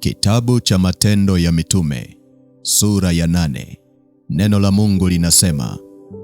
Kitabu cha Matendo ya Mitume sura ya nane. Neno la Mungu linasema,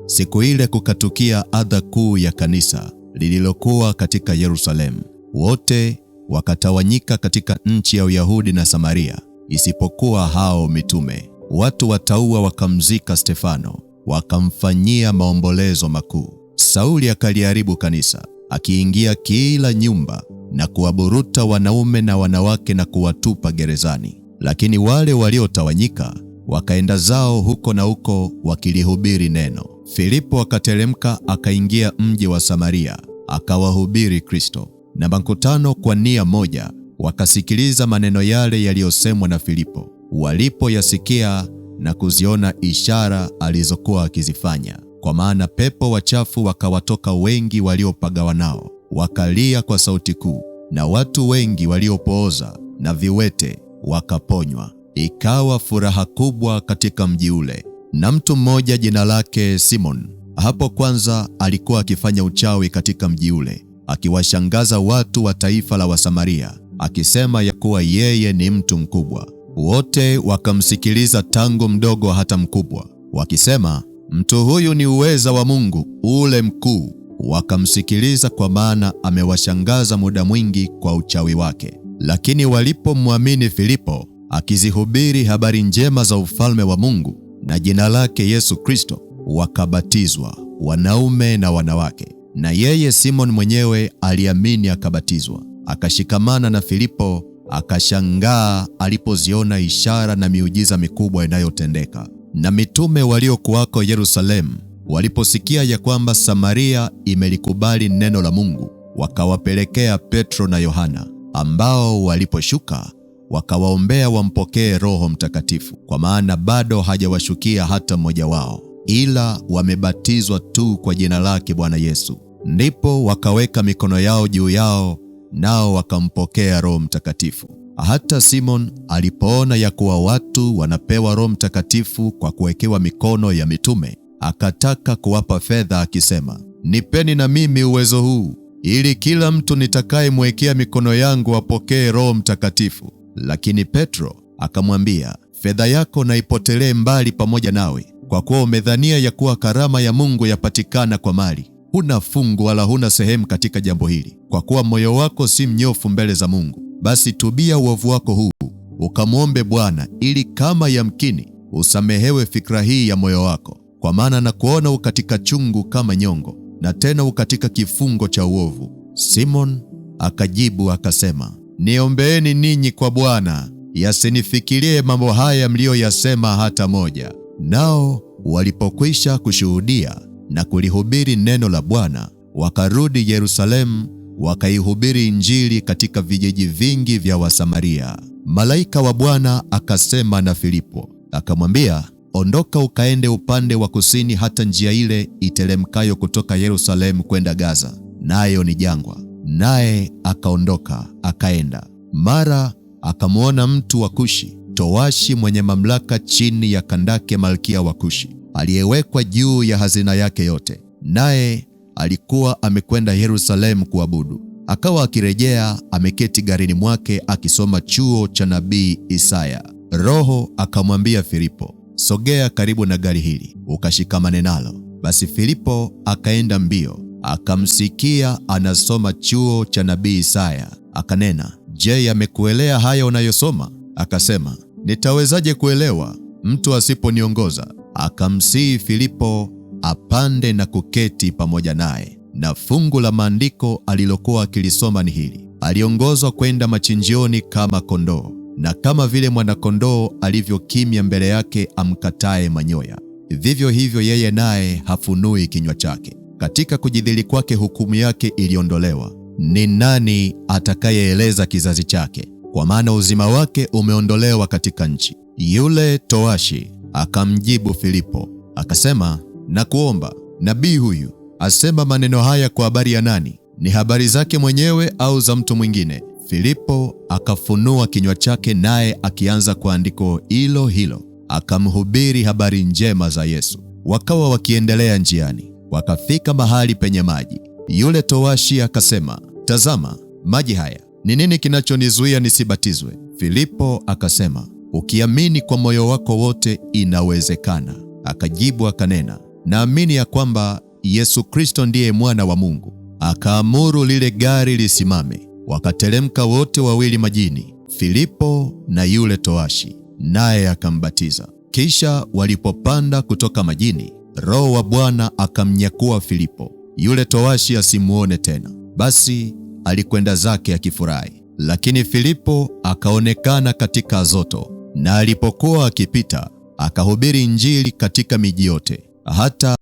siku ile kukatukia adha kuu ya kanisa lililokuwa katika Yerusalemu. Wote wakatawanyika katika nchi ya Uyahudi na Samaria, isipokuwa hao mitume. Watu wataua wakamzika Stefano, wakamfanyia maombolezo makuu. Sauli akaliharibu kanisa, akiingia kila nyumba na kuwaburuta wanaume na wanawake na kuwatupa gerezani. Lakini wale waliotawanyika wakaenda zao huko na huko wakilihubiri neno. Filipo akateremka akaingia mji wa Samaria akawahubiri Kristo. Na makutano kwa nia moja wakasikiliza maneno yale yaliyosemwa na Filipo. Walipoyasikia na kuziona ishara alizokuwa akizifanya, kwa maana pepo wachafu wakawatoka wengi waliopagawa nao wakalia kwa sauti kuu, na watu wengi waliopooza na viwete wakaponywa. Ikawa furaha kubwa katika mji ule. Na mtu mmoja jina lake Simon, hapo kwanza alikuwa akifanya uchawi katika mji ule, akiwashangaza watu wa taifa la Wasamaria, akisema ya kuwa yeye ni mtu mkubwa. Wote wakamsikiliza tangu mdogo hata mkubwa, wakisema, mtu huyu ni uweza wa Mungu ule mkuu. Wakamsikiliza kwa maana amewashangaza muda mwingi kwa uchawi wake. Lakini walipomwamini Filipo akizihubiri habari njema za ufalme wa Mungu na jina lake Yesu Kristo, wakabatizwa wanaume na wanawake. Na yeye simoni mwenyewe aliamini akabatizwa, akashikamana na Filipo, akashangaa alipoziona ishara na miujiza mikubwa inayotendeka. Na mitume waliokuwako Yerusalemu Waliposikia ya kwamba Samaria imelikubali neno la Mungu, wakawapelekea Petro na Yohana, ambao waliposhuka wakawaombea wampokee Roho Mtakatifu, kwa maana bado hajawashukia hata mmoja wao, ila wamebatizwa tu kwa jina lake Bwana Yesu. Ndipo wakaweka mikono yao juu yao, nao wakampokea Roho Mtakatifu. Hata Simon alipoona ya kuwa watu wanapewa Roho Mtakatifu kwa kuwekewa mikono ya mitume akataka kuwapa fedha akisema, nipeni na mimi uwezo huu ili kila mtu nitakayemwekea mikono yangu apokee Roho Mtakatifu. Lakini Petro akamwambia, fedha yako na ipotelee mbali pamoja nawe, kwa kuwa umedhania ya kuwa karama ya Mungu yapatikana kwa mali. Huna fungu wala huna sehemu katika jambo hili, kwa kuwa moyo wako si mnyofu mbele za Mungu. Basi tubia uovu wako huu ukamwombe Bwana, ili kama yamkini usamehewe fikra hii ya moyo wako kwa maana na kuona ukatika chungu kama nyongo, na tena ukatika kifungo cha uovu. Simon akajibu akasema, niombeeni ninyi kwa Bwana, yasinifikirie mambo haya mliyoyasema hata moja. Nao walipokwisha kushuhudia na kulihubiri neno la Bwana, wakarudi Yerusalemu, wakaihubiri Injili katika vijiji vingi vya Wasamaria. Malaika wa Bwana akasema na Filipo akamwambia Ondoka ukaende upande wa kusini hata njia ile iteremkayo kutoka Yerusalemu kwenda Gaza, nayo ni jangwa. Naye akaondoka akaenda. Mara akamwona mtu wa Kushi, towashi mwenye mamlaka chini ya Kandake malkia wa Kushi, aliyewekwa juu ya hazina yake yote, naye alikuwa amekwenda Yerusalemu kuabudu. Akawa akirejea ameketi garini mwake akisoma chuo cha nabii Isaya. Roho akamwambia Filipo, sogea karibu na gari hili ukashikamane nalo. Basi Filipo akaenda mbio, akamsikia anasoma chuo cha nabii Isaya, akanena, Je, yamekuelea haya unayosoma? Akasema, nitawezaje kuelewa mtu asiponiongoza? Akamsihi Filipo apande na kuketi pamoja naye. Na fungu la maandiko alilokuwa akilisoma ni hili: aliongozwa kwenda machinjioni kama kondoo na kama vile mwanakondoo alivyokimya mbele yake amkataye manyoya, vivyo hivyo yeye naye hafunui kinywa chake. Katika kujidhili kwake hukumu yake iliondolewa. Ni nani atakayeeleza kizazi chake? Kwa maana uzima wake umeondolewa katika nchi. Yule toashi akamjibu Filipo akasema, nakuomba, nabii huyu asema maneno haya kwa habari ya nani? Ni habari zake mwenyewe au za mtu mwingine? Filipo akafunua kinywa chake, naye akianza kwa andiko hilo hilo akamhubiri habari njema za Yesu. Wakawa wakiendelea njiani, wakafika mahali penye maji. Yule towashi akasema, tazama maji haya, ni nini kinachonizuia nisibatizwe? Filipo akasema, ukiamini kwa moyo wako wote inawezekana. Akajibu akanena, naamini ya kwamba Yesu Kristo ndiye mwana wa Mungu. Akaamuru lile gari lisimame, Wakateremka wote wawili majini, Filipo na yule toashi, naye akambatiza. Kisha walipopanda kutoka majini, Roho wa Bwana akamnyakua Filipo, yule toashi asimuone tena. Basi alikwenda zake akifurahi. Lakini Filipo akaonekana katika Azoto, na alipokuwa akipita akahubiri Injili katika miji yote hata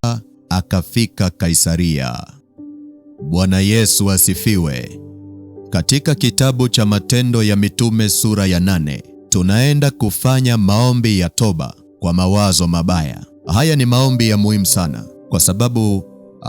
akafika Kaisaria. Bwana Yesu asifiwe. Katika kitabu cha Matendo ya Mitume sura ya nane, tunaenda kufanya maombi ya toba kwa mawazo mabaya. Haya ni maombi ya muhimu sana kwa sababu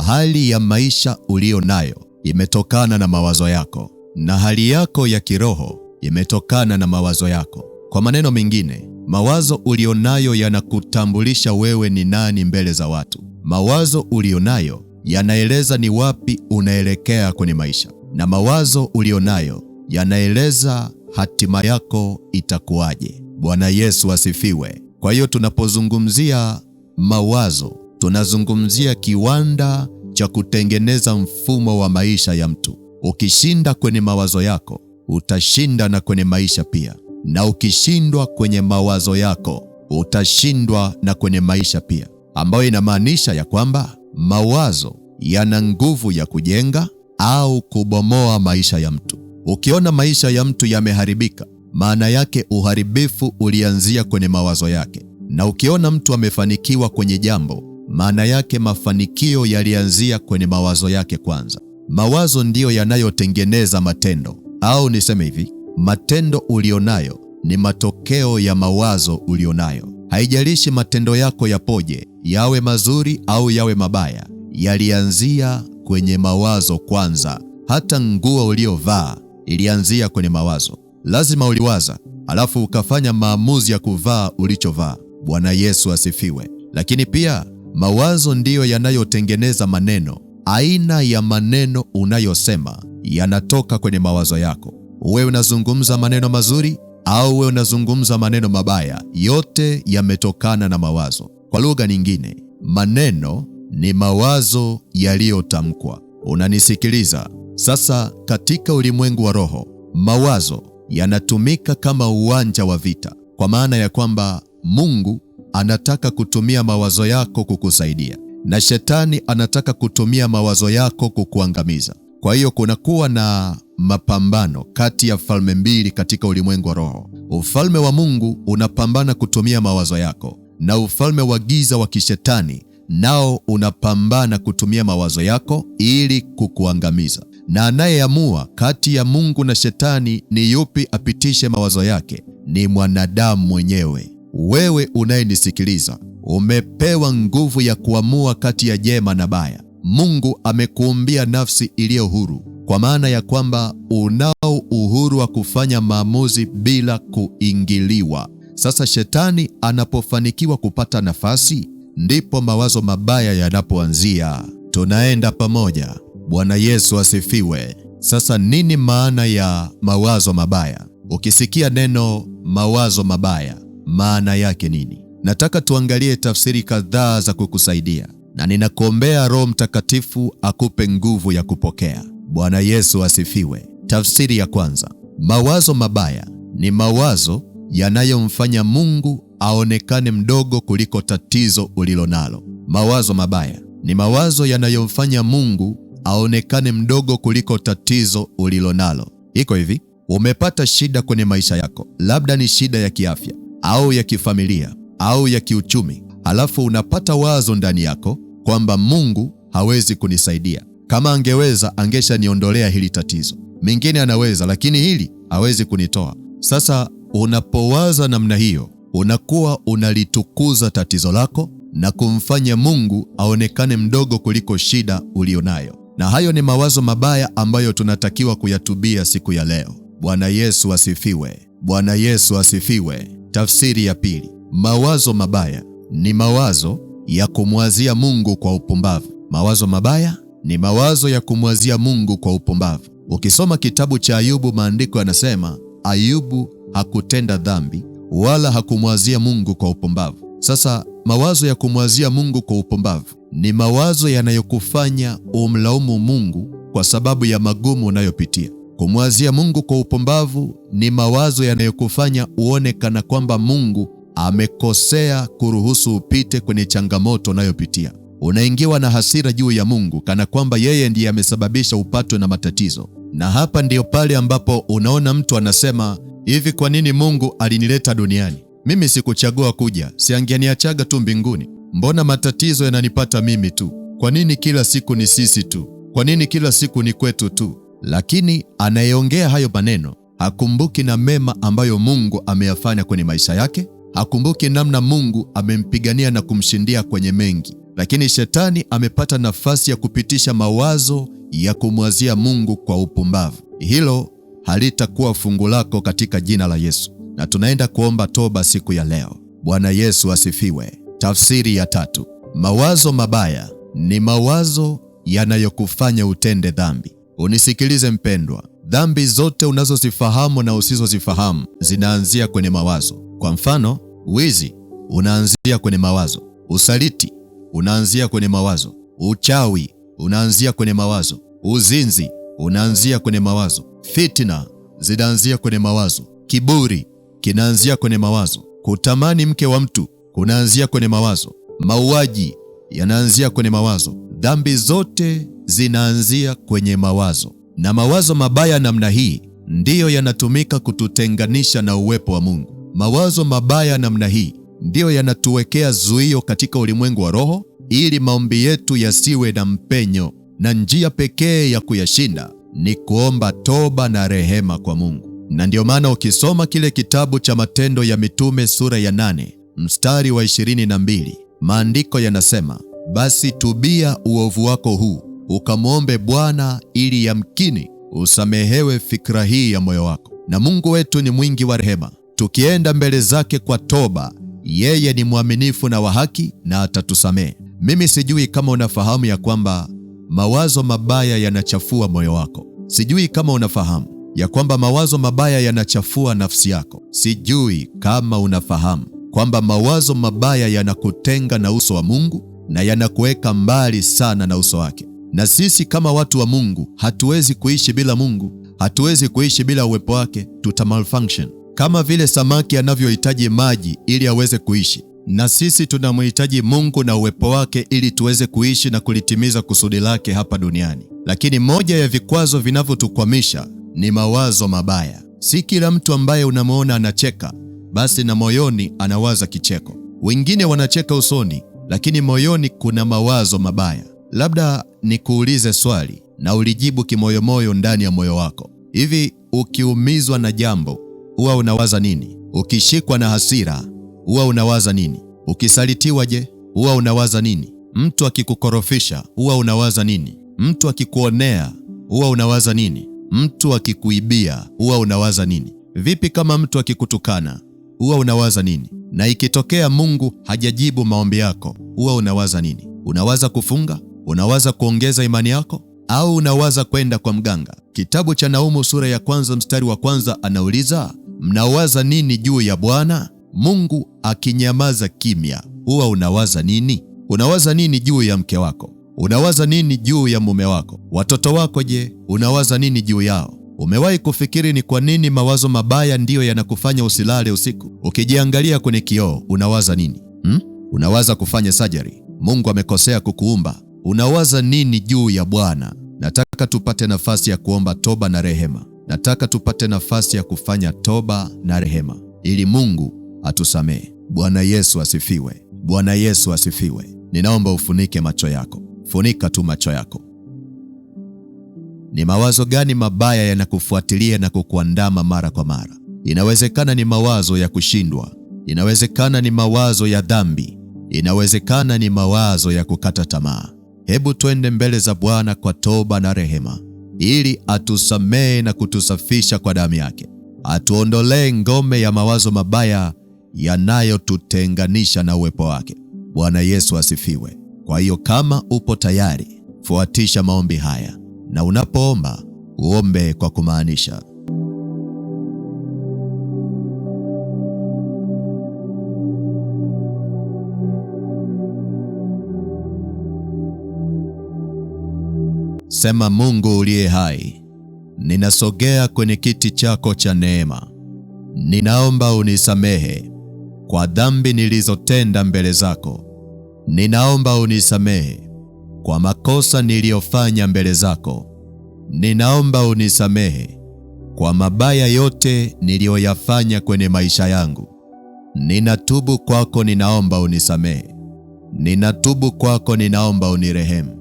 hali ya maisha uliyo nayo imetokana na mawazo yako na hali yako ya kiroho imetokana na mawazo yako. Kwa maneno mengine, mawazo ulio nayo yanakutambulisha wewe ni nani mbele za watu. Mawazo ulio nayo yanaeleza ni wapi unaelekea kwenye maisha na mawazo ulionayo yanaeleza hatima yako itakuwaje. Bwana Yesu asifiwe. Kwa hiyo tunapozungumzia mawazo, tunazungumzia kiwanda cha kutengeneza mfumo wa maisha ya mtu. Ukishinda kwenye mawazo yako, utashinda na kwenye maisha pia, na ukishindwa kwenye mawazo yako, utashindwa na kwenye maisha pia, ambayo inamaanisha ya kwamba mawazo yana nguvu ya kujenga au kubomoa maisha ya mtu. Ukiona maisha ya mtu yameharibika, maana yake uharibifu ulianzia kwenye mawazo yake, na ukiona mtu amefanikiwa kwenye jambo, maana yake mafanikio yalianzia kwenye mawazo yake kwanza. Mawazo ndiyo yanayotengeneza matendo, au niseme hivi, matendo ulionayo ni matokeo ya mawazo ulionayo. Haijalishi matendo yako yapoje, yawe mazuri au yawe mabaya, yalianzia kwenye mawazo kwanza. Hata nguo uliovaa ilianzia kwenye mawazo. Lazima uliwaza, alafu ukafanya maamuzi ya kuvaa ulichovaa. Bwana Yesu asifiwe. Lakini pia mawazo ndiyo yanayotengeneza maneno. Aina ya maneno unayosema yanatoka kwenye mawazo yako. Wewe unazungumza maneno mazuri au wewe unazungumza maneno mabaya, yote yametokana na mawazo. Kwa lugha nyingine, maneno ni mawazo yaliyotamkwa. Unanisikiliza sasa? Katika ulimwengu wa roho, mawazo yanatumika kama uwanja wa vita, kwa maana ya kwamba Mungu anataka kutumia mawazo yako kukusaidia na shetani anataka kutumia mawazo yako kukuangamiza. Kwa hiyo kunakuwa na mapambano kati ya falme mbili katika ulimwengu wa roho. Ufalme wa Mungu unapambana kutumia mawazo yako, na ufalme wa giza wa kishetani nao unapambana kutumia mawazo yako ili kukuangamiza. Na anayeamua kati ya Mungu na Shetani ni yupi apitishe mawazo yake ni mwanadamu mwenyewe. Wewe unayenisikiliza umepewa nguvu ya kuamua kati ya jema na baya. Mungu amekuumbia nafsi iliyo huru, kwa maana ya kwamba unao uhuru wa kufanya maamuzi bila kuingiliwa. Sasa shetani anapofanikiwa kupata nafasi ndipo mawazo mabaya yanapoanzia. Tunaenda pamoja. Bwana Yesu asifiwe. Sasa nini maana ya mawazo mabaya? Ukisikia neno mawazo mabaya, maana yake nini? Nataka tuangalie tafsiri kadhaa za kukusaidia, na ninakuombea Roho Mtakatifu akupe nguvu ya kupokea. Bwana Yesu asifiwe. Tafsiri ya kwanza, mawazo mabaya ni mawazo yanayomfanya Mungu aonekane mdogo kuliko tatizo ulilo nalo. Mawazo mabaya ni mawazo yanayomfanya Mungu aonekane mdogo kuliko tatizo ulilo nalo. Iko hivi: umepata shida kwenye maisha yako, labda ni shida ya kiafya au ya kifamilia au ya kiuchumi, halafu unapata wazo ndani yako kwamba Mungu hawezi kunisaidia. Kama angeweza angeshaniondolea hili tatizo. Mingine anaweza, lakini hili hawezi kunitoa. Sasa unapowaza namna hiyo unakuwa unalitukuza tatizo lako na kumfanya Mungu aonekane mdogo kuliko shida ulionayo. Na hayo ni mawazo mabaya ambayo tunatakiwa kuyatubia siku ya leo. Bwana Yesu asifiwe! Bwana Yesu asifiwe! Tafsiri ya pili, mawazo mabaya ni mawazo ya kumwazia Mungu kwa upumbavu. Mawazo mabaya ni mawazo ya kumwazia Mungu kwa upumbavu. Ukisoma kitabu cha Ayubu, maandiko yanasema Ayubu hakutenda dhambi wala hakumwazia Mungu kwa upumbavu. Sasa mawazo ya kumwazia Mungu kwa upumbavu ni mawazo yanayokufanya umlaumu Mungu kwa sababu ya magumu unayopitia. Kumwazia Mungu kwa upumbavu ni mawazo yanayokufanya uone kana kwamba Mungu amekosea kuruhusu upite kwenye changamoto unayopitia. Unaingiwa na hasira juu ya Mungu kana kwamba yeye ndiye amesababisha upatwe na matatizo. Na hapa ndiyo pale ambapo unaona mtu anasema Hivi kwa nini Mungu alinileta duniani? Mimi sikuchagua kuja, siangeniachaga tu mbinguni. Mbona matatizo yananipata mimi tu? Kwa nini kila siku ni sisi tu? Kwa nini kila siku ni kwetu tu? Lakini anayeongea hayo maneno hakumbuki na mema ambayo Mungu ameyafanya kwenye maisha yake, hakumbuki namna Mungu amempigania na kumshindia kwenye mengi. Lakini shetani amepata nafasi ya kupitisha mawazo ya kumwazia Mungu kwa upumbavu. Hilo halitakuwa fungu lako katika jina la Yesu. Na tunaenda kuomba toba siku ya leo. Bwana Yesu asifiwe. Tafsiri ya tatu, mawazo mabaya ni mawazo yanayokufanya utende dhambi. Unisikilize mpendwa, dhambi zote unazozifahamu na usizozifahamu zinaanzia kwenye mawazo. Kwa mfano, wizi unaanzia kwenye mawazo, usaliti unaanzia kwenye mawazo, uchawi unaanzia kwenye mawazo, uzinzi unaanzia kwenye mawazo. Fitina zinaanzia kwenye mawazo. Kiburi kinaanzia kwenye mawazo. Kutamani mke wa mtu kunaanzia kwenye mawazo. Mauaji yanaanzia kwenye mawazo. Dhambi zote zinaanzia kwenye mawazo, na mawazo mabaya namna hii ndiyo yanatumika kututenganisha na uwepo wa Mungu. Mawazo mabaya namna hii ndiyo yanatuwekea zuio katika ulimwengu wa roho, ili maombi yetu yasiwe na mpenyo na njia pekee ya kuyashinda ni kuomba toba na rehema kwa Mungu. Na ndiyo maana ukisoma kile kitabu cha Matendo ya Mitume sura ya nane mstari wa ishirini na mbili maandiko yanasema, basi tubia uovu wako huu ukamwombe Bwana ili yamkini usamehewe fikra hii ya moyo wako. Na Mungu wetu ni mwingi wa rehema, tukienda mbele zake kwa toba, yeye ni mwaminifu na wa haki na atatusamehe. Mimi sijui kama unafahamu ya kwamba Mawazo mabaya yanachafua moyo wako. Sijui kama unafahamu ya kwamba mawazo mabaya yanachafua nafsi yako. Sijui kama unafahamu kwamba mawazo mabaya yanakutenga na uso wa Mungu na yanakuweka mbali sana na uso wake. Na sisi kama watu wa Mungu hatuwezi kuishi bila Mungu, hatuwezi kuishi bila uwepo wake, tuta malfunction. Kama vile samaki anavyohitaji maji ili aweze kuishi, na sisi tunamhitaji Mungu na uwepo wake ili tuweze kuishi na kulitimiza kusudi lake hapa duniani. Lakini moja ya vikwazo vinavyotukwamisha ni mawazo mabaya. Si kila mtu ambaye unamwona anacheka basi na moyoni anawaza kicheko. Wengine wanacheka usoni, lakini moyoni kuna mawazo mabaya. Labda nikuulize swali na ulijibu kimoyomoyo ndani ya moyo wako. Hivi ukiumizwa na jambo huwa unawaza nini? Ukishikwa na hasira huwa unawaza nini? Ukisalitiwa je, huwa unawaza nini? Mtu akikukorofisha huwa unawaza nini? Mtu akikuonea huwa unawaza nini? Mtu akikuibia huwa unawaza nini? Vipi kama mtu akikutukana huwa unawaza nini? Na ikitokea Mungu hajajibu maombi yako huwa unawaza nini? Unawaza kufunga? Unawaza kuongeza imani yako au unawaza kwenda kwa mganga? Kitabu cha Naumu sura ya kwanza mstari wa kwanza anauliza, mnawaza nini juu ya Bwana? Mungu akinyamaza kimya, huwa unawaza nini? Unawaza nini juu ya mke wako? Unawaza nini juu ya mume wako? Watoto wako je, unawaza nini juu yao? Umewahi kufikiri ni kwa nini mawazo mabaya ndiyo yanakufanya usilale usiku? Ukijiangalia kwenye kioo unawaza nini hmm? Unawaza kufanya sajari? Mungu amekosea kukuumba? Unawaza nini juu ya Bwana? Nataka tupate nafasi ya kuomba toba na rehema. Nataka tupate nafasi ya kufanya toba na rehema ili Mungu atusamehe. Bwana Yesu asifiwe! Bwana Yesu asifiwe! Ninaomba ufunike macho yako, funika tu macho yako. Ni mawazo gani mabaya yanakufuatilia na kukuandama mara kwa mara? Inawezekana ni mawazo ya kushindwa, inawezekana ni mawazo ya dhambi, inawezekana ni mawazo ya kukata tamaa. Hebu twende mbele za Bwana kwa toba na rehema, ili atusamehe na kutusafisha kwa damu yake, atuondolee ngome ya mawazo mabaya yanayotutenganisha na uwepo wake. Bwana Yesu asifiwe. Kwa hiyo kama upo tayari, fuatisha maombi haya, na unapoomba uombe kwa kumaanisha. Sema: Mungu uliye hai, ninasogea kwenye kiti chako cha neema, ninaomba unisamehe kwa dhambi nilizotenda mbele zako. Ninaomba unisamehe kwa makosa niliyofanya mbele zako. Ninaomba unisamehe kwa mabaya yote niliyoyafanya kwenye maisha yangu. Ninatubu kwako, ninaomba unisamehe. Ninatubu kwako, ninaomba unirehemu.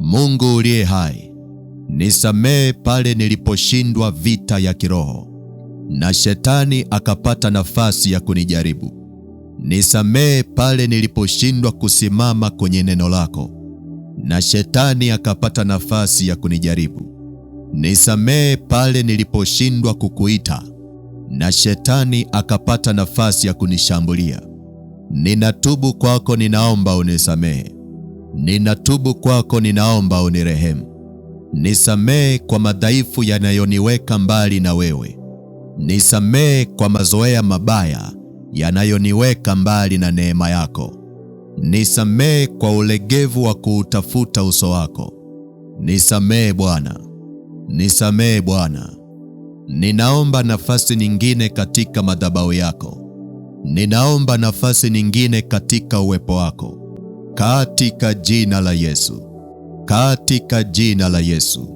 Mungu uliye hai, nisamehe pale niliposhindwa vita ya kiroho na shetani akapata nafasi ya kunijaribu. Nisamehe pale niliposhindwa kusimama kwenye neno lako, na shetani akapata nafasi ya kunijaribu. Nisamehe pale niliposhindwa kukuita, na shetani akapata nafasi ya kunishambulia. Ninatubu kwako, ninaomba unisamehe. Ninatubu kwako, ninaomba unirehemu. Nisamehe kwa madhaifu yanayoniweka mbali na wewe. Nisamehe kwa mazoea mabaya yanayoniweka mbali na neema yako. Nisamehe kwa ulegevu wa kuutafuta uso wako. Nisamehe Bwana, nisamehe Bwana. Ninaomba nafasi nyingine katika madhabahu yako. Ninaomba nafasi nyingine katika uwepo wako. Katika jina la Yesu. Katika jina la Yesu.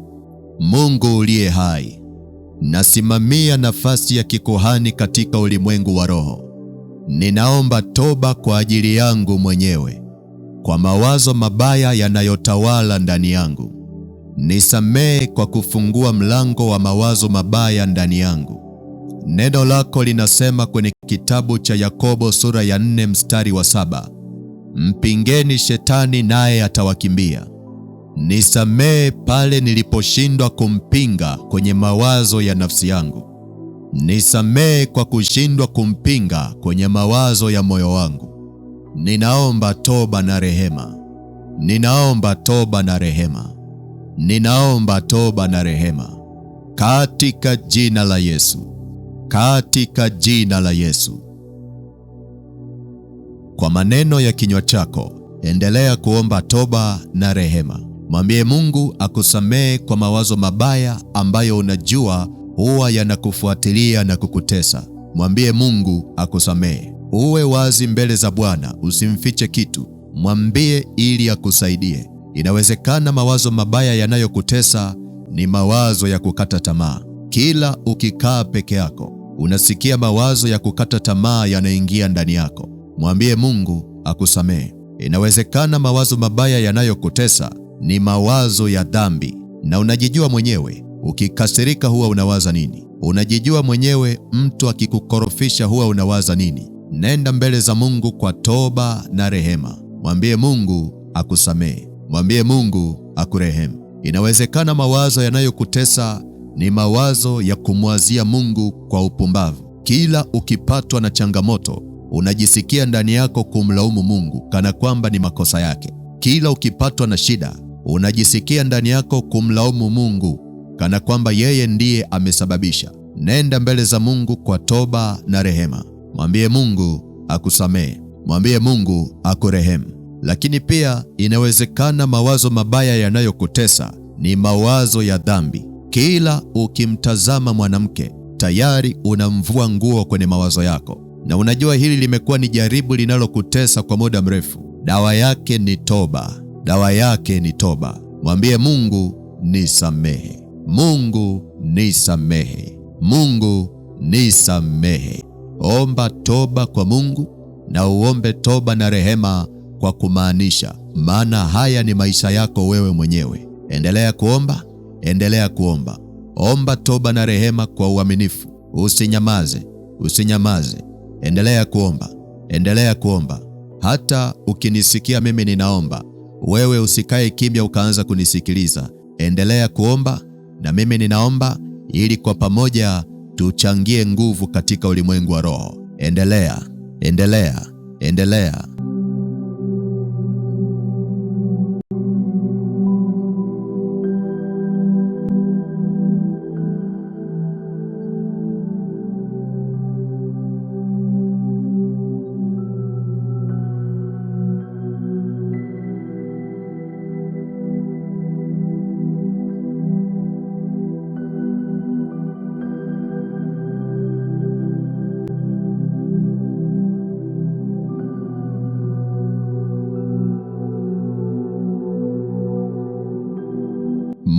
Mungu uliye hai, Nasimamia nafasi ya kikuhani katika ulimwengu wa roho. Ninaomba toba kwa ajili yangu mwenyewe kwa mawazo mabaya yanayotawala ndani yangu. Nisamehe kwa kufungua mlango wa mawazo mabaya ndani yangu. Neno lako linasema kwenye kitabu cha Yakobo sura ya 4 mstari wa saba, mpingeni shetani naye atawakimbia. Nisamehe pale niliposhindwa kumpinga kwenye mawazo ya nafsi yangu. Nisamehe kwa kushindwa kumpinga kwenye mawazo ya moyo wangu. Ninaomba toba na rehema. Ninaomba toba na rehema. Ninaomba toba na rehema. Katika jina la Yesu. Katika jina la Yesu. Kwa maneno ya kinywa chako, endelea kuomba toba na rehema. Mwambie Mungu akusamehe kwa mawazo mabaya ambayo unajua huwa yanakufuatilia na kukutesa. Mwambie Mungu akusamehe. Uwe wazi mbele za Bwana, usimfiche kitu. Mwambie ili akusaidie. Inawezekana mawazo mabaya yanayokutesa ni mawazo ya kukata tamaa. Kila ukikaa peke yako, unasikia mawazo ya kukata tamaa yanaingia ndani yako. Mwambie Mungu akusamehe. Inawezekana mawazo mabaya yanayokutesa ni mawazo ya dhambi, na unajijua mwenyewe. Ukikasirika huwa unawaza nini? Unajijua mwenyewe. Mtu akikukorofisha huwa unawaza nini? Nenda mbele za Mungu kwa toba na rehema, mwambie Mungu akusamehe, mwambie Mungu akurehemu. Inawezekana mawazo yanayokutesa ni mawazo ya kumwazia Mungu kwa upumbavu. Kila ukipatwa na changamoto, unajisikia ndani yako kumlaumu Mungu kana kwamba ni makosa yake. Kila ukipatwa na shida unajisikia ndani yako kumlaumu Mungu kana kwamba yeye ndiye amesababisha, nenda mbele za Mungu kwa toba na rehema. Mwambie Mungu akusamehe, mwambie Mungu akurehemu. Lakini pia inawezekana mawazo mabaya yanayokutesa ni mawazo ya dhambi. Kila ukimtazama mwanamke tayari unamvua nguo kwenye mawazo yako, na unajua hili limekuwa ni jaribu linalokutesa kwa muda mrefu. Dawa yake ni toba dawa yake ni toba. Mwambie Mungu nisamehe, Mungu nisamehe, Mungu nisamehe. Omba toba kwa Mungu na uombe toba na rehema kwa kumaanisha, maana haya ni maisha yako wewe mwenyewe. Endelea kuomba, endelea kuomba. Omba toba na rehema kwa uaminifu, usinyamaze, usinyamaze. Endelea kuomba, endelea kuomba. Hata ukinisikia mimi ninaomba, wewe usikae kimya ukaanza kunisikiliza, endelea kuomba na mimi ninaomba, ili kwa pamoja tuchangie nguvu katika ulimwengu wa roho. Endelea, endelea, endelea.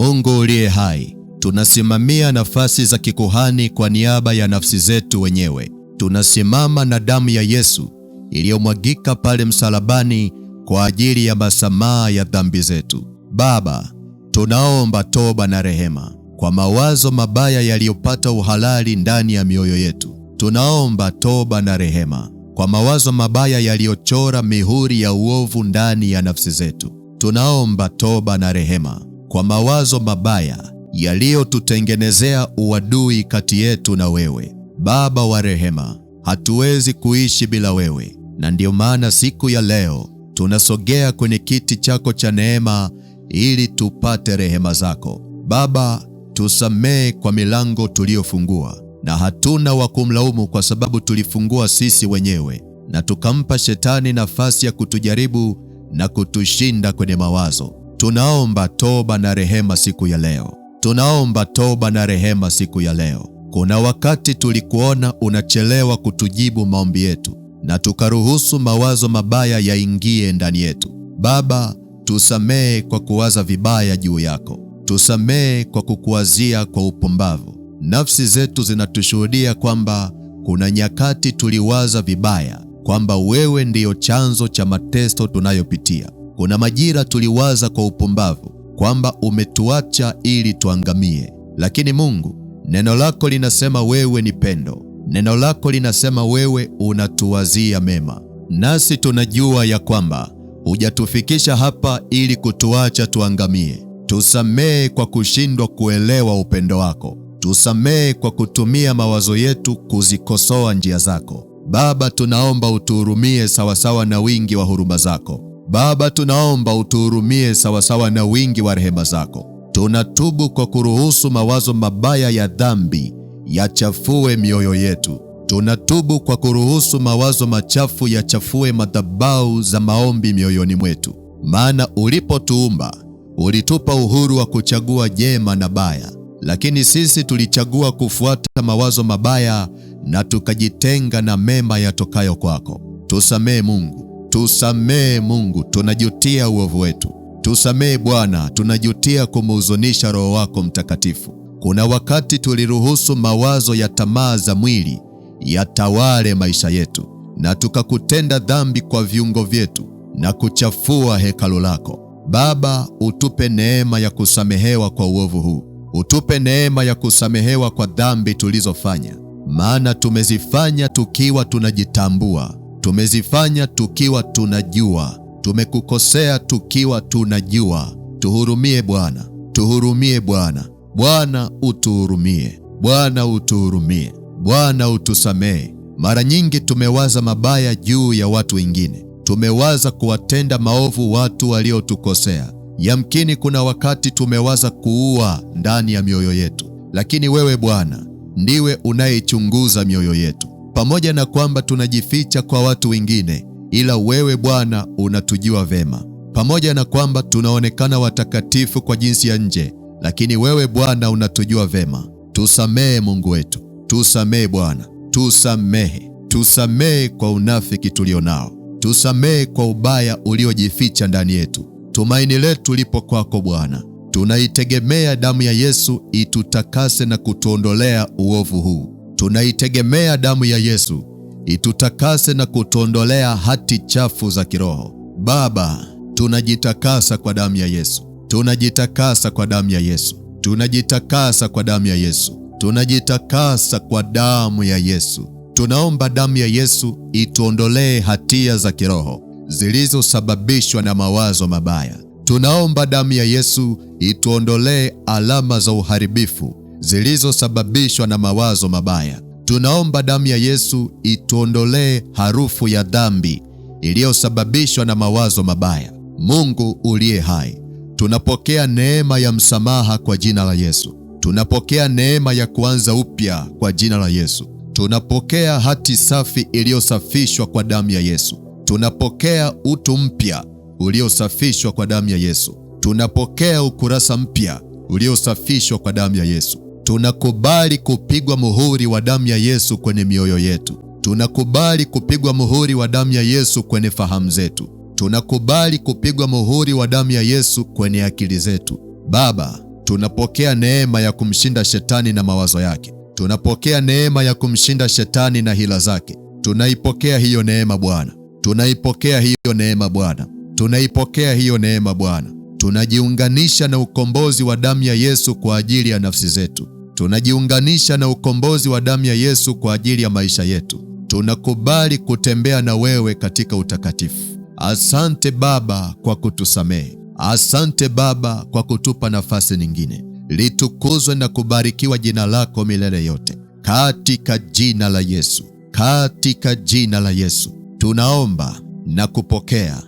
Mungu uliye hai, tunasimamia nafasi za kikuhani kwa niaba ya nafsi zetu wenyewe. Tunasimama na damu ya Yesu iliyomwagika pale msalabani kwa ajili ya masamaha ya dhambi zetu. Baba, tunaomba toba na rehema kwa mawazo mabaya yaliyopata uhalali ndani ya mioyo yetu. Tunaomba toba na rehema kwa mawazo mabaya yaliyochora mihuri ya uovu ndani ya nafsi zetu. Tunaomba toba na rehema kwa mawazo mabaya yaliyotutengenezea uadui kati yetu na wewe. Baba wa rehema, hatuwezi kuishi bila wewe, na ndiyo maana siku ya leo tunasogea kwenye kiti chako cha neema ili tupate rehema zako. Baba, tusamehe kwa milango tuliyofungua na hatuna wa kumlaumu kwa sababu tulifungua sisi wenyewe na tukampa shetani nafasi ya kutujaribu na kutushinda kwenye mawazo. Tunaomba toba na rehema siku ya leo. Tunaomba toba na rehema siku ya leo. Kuna wakati tulikuona unachelewa kutujibu maombi yetu na tukaruhusu mawazo mabaya yaingie ndani yetu. Baba, tusamehe kwa kuwaza vibaya juu yako. Tusamehe kwa kukuwazia kwa upumbavu. Nafsi zetu zinatushuhudia kwamba kuna nyakati tuliwaza vibaya kwamba wewe ndiyo chanzo cha mateso tunayopitia. Kuna majira tuliwaza kwa upumbavu kwamba umetuacha ili tuangamie, lakini Mungu, neno lako linasema wewe ni pendo. Neno lako linasema wewe unatuwazia mema, nasi tunajua ya kwamba hujatufikisha hapa ili kutuacha tuangamie. Tusamehe kwa kushindwa kuelewa upendo wako, tusamehe kwa kutumia mawazo yetu kuzikosoa njia zako. Baba, tunaomba utuhurumie sawasawa na wingi wa huruma zako. Baba, tunaomba utuhurumie sawasawa na wingi wa rehema zako. Tunatubu kwa kuruhusu mawazo mabaya ya dhambi yachafue mioyo yetu. Tunatubu kwa kuruhusu mawazo machafu yachafue madhabahu za maombi mioyoni mwetu, maana ulipotuumba ulitupa uhuru wa kuchagua jema na baya, lakini sisi tulichagua kufuata mawazo mabaya na tukajitenga na mema yatokayo kwako. Tusamehe Mungu Tusamee Mungu, tunajutia uovu wetu. Tusamee Bwana, tunajutia kumuhuzunisha Roho wako Mtakatifu. Kuna wakati tuliruhusu mawazo ya tamaa za mwili yatawale maisha yetu, na tukakutenda dhambi kwa viungo vyetu na kuchafua hekalu lako. Baba, utupe neema ya kusamehewa kwa uovu huu. Utupe neema ya kusamehewa kwa dhambi tulizofanya, maana tumezifanya tukiwa tunajitambua Tumezifanya tukiwa tunajua, tumekukosea tukiwa tunajua. Tuhurumie Bwana, tuhurumie Bwana. Bwana utuhurumie, Bwana utuhurumie, Bwana utusamehe. Mara nyingi tumewaza mabaya juu ya watu wengine, tumewaza kuwatenda maovu watu waliotukosea. Yamkini kuna wakati tumewaza kuua ndani ya mioyo yetu, lakini wewe Bwana ndiwe unayeichunguza mioyo yetu pamoja na kwamba tunajificha kwa watu wengine, ila wewe Bwana unatujua vema. Pamoja na kwamba tunaonekana watakatifu kwa jinsi ya nje, lakini wewe Bwana unatujua vema. Tusamehe Mungu wetu, tusamehe Bwana, tusamehe, tusamehe kwa unafiki tulio nao, tusamehe kwa ubaya uliojificha ndani yetu. Tumaini letu lipo kwako Bwana, tunaitegemea damu ya Yesu itutakase na kutuondolea uovu huu. Tunaitegemea damu ya Yesu itutakase na kutuondolea hati chafu za kiroho. Baba, tunajitakasa kwa damu ya Yesu, tunajitakasa kwa damu ya Yesu, tunajitakasa kwa damu ya Yesu, tunajitakasa kwa damu ya Yesu. Tunaomba damu ya Yesu ituondolee hatia za kiroho zilizosababishwa na mawazo mabaya. Tunaomba damu ya Yesu ituondolee alama za uharibifu zilizosababishwa na mawazo mabaya. Tunaomba damu ya Yesu ituondolee harufu ya dhambi iliyosababishwa na mawazo mabaya. Mungu uliye hai, tunapokea neema ya msamaha kwa jina la Yesu. Tunapokea neema ya kuanza upya kwa jina la Yesu. Tunapokea hati safi iliyosafishwa kwa damu ya Yesu. Tunapokea utu mpya uliosafishwa kwa damu ya Yesu. Tunapokea ukurasa mpya uliosafishwa kwa damu ya Yesu tunakubali kupigwa muhuri wa damu ya Yesu kwenye mioyo yetu. Tunakubali kupigwa muhuri wa damu ya Yesu kwenye fahamu zetu. Tunakubali kupigwa muhuri wa damu ya Yesu kwenye akili zetu. Baba, tunapokea neema ya kumshinda shetani na mawazo yake. Tunapokea neema ya kumshinda shetani na hila zake. Tunaipokea hiyo neema Bwana. Tunaipokea hiyo neema Bwana. Tunaipokea hiyo neema Bwana. Tunajiunganisha na ukombozi wa damu ya Yesu kwa ajili ya nafsi zetu. Tunajiunganisha na ukombozi wa damu ya Yesu kwa ajili ya maisha yetu. Tunakubali kutembea na wewe katika utakatifu. Asante Baba kwa kutusamehe. Asante Baba kwa kutupa nafasi nyingine. Litukuzwe na kubarikiwa jina lako milele yote, katika jina la Yesu, katika jina la Yesu tunaomba na kupokea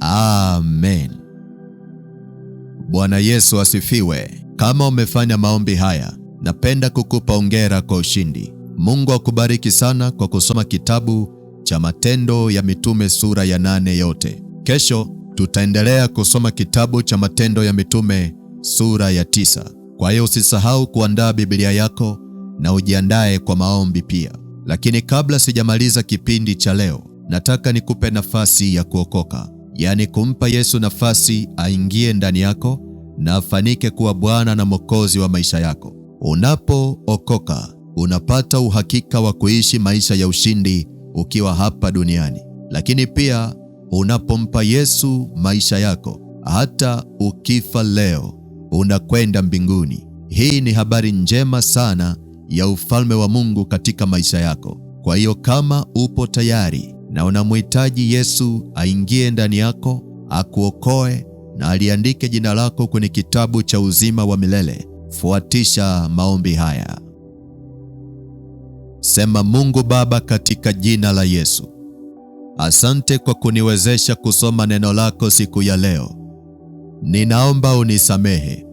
amen. Bwana Yesu asifiwe. Kama umefanya maombi haya Napenda kukupa ongera kwa ushindi. Mungu akubariki sana kwa kusoma kitabu cha Matendo ya Mitume sura ya nane yote. Kesho tutaendelea kusoma kitabu cha Matendo ya Mitume sura ya tisa. Kwa hiyo usisahau kuandaa Biblia yako na ujiandae kwa maombi pia. Lakini kabla sijamaliza kipindi cha leo, nataka nikupe nafasi ya kuokoka, yaani kumpa Yesu nafasi aingie ndani yako na afanike kuwa Bwana na Mwokozi wa maisha yako. Unapookoka unapata uhakika wa kuishi maisha ya ushindi ukiwa hapa duniani, lakini pia unapompa Yesu maisha yako, hata ukifa leo unakwenda mbinguni. Hii ni habari njema sana ya ufalme wa Mungu katika maisha yako. Kwa hiyo kama upo tayari na unamhitaji Yesu aingie ndani yako, akuokoe na aliandike jina lako kwenye kitabu cha uzima wa milele Fuatisha maombi haya. Sema: Mungu Baba, katika jina la Yesu, asante kwa kuniwezesha kusoma neno lako siku ya leo. Ninaomba unisamehe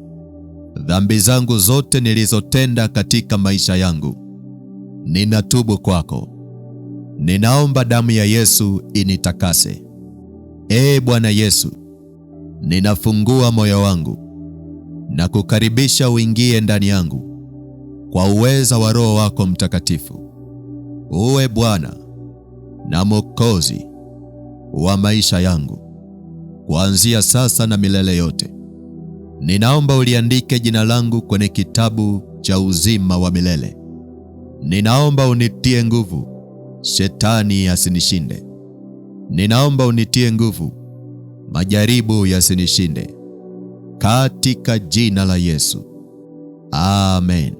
dhambi zangu zote nilizotenda katika maisha yangu. Ninatubu kwako. Ninaomba damu ya Yesu initakase. Ee Bwana Yesu, ninafungua moyo wangu na kukaribisha uingie ndani yangu kwa uweza wa Roho wako Mtakatifu. Uwe Bwana na Mwokozi wa maisha yangu kuanzia sasa na milele yote. Ninaomba uliandike jina langu kwenye kitabu cha uzima wa milele. Ninaomba unitie nguvu, shetani asinishinde. Ninaomba unitie nguvu, majaribu yasinishinde katika jina la Yesu, amen.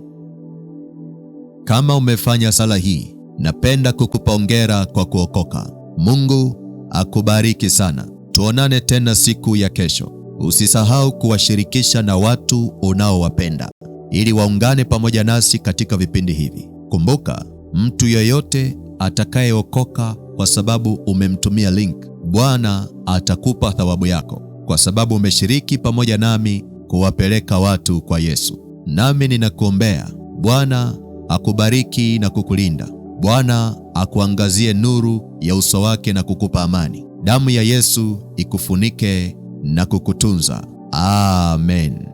Kama umefanya sala hii, napenda kukupongera kwa kuokoka. Mungu akubariki sana. Tuonane tena siku ya kesho. Usisahau kuwashirikisha na watu unaowapenda ili waungane pamoja nasi katika vipindi hivi. Kumbuka, mtu yeyote atakayeokoka kwa sababu umemtumia link, Bwana atakupa thawabu yako kwa sababu umeshiriki pamoja nami kuwapeleka watu kwa Yesu. Nami ninakuombea Bwana akubariki na kukulinda. Bwana akuangazie nuru ya uso wake na kukupa amani. Damu ya Yesu ikufunike na kukutunza. Amen.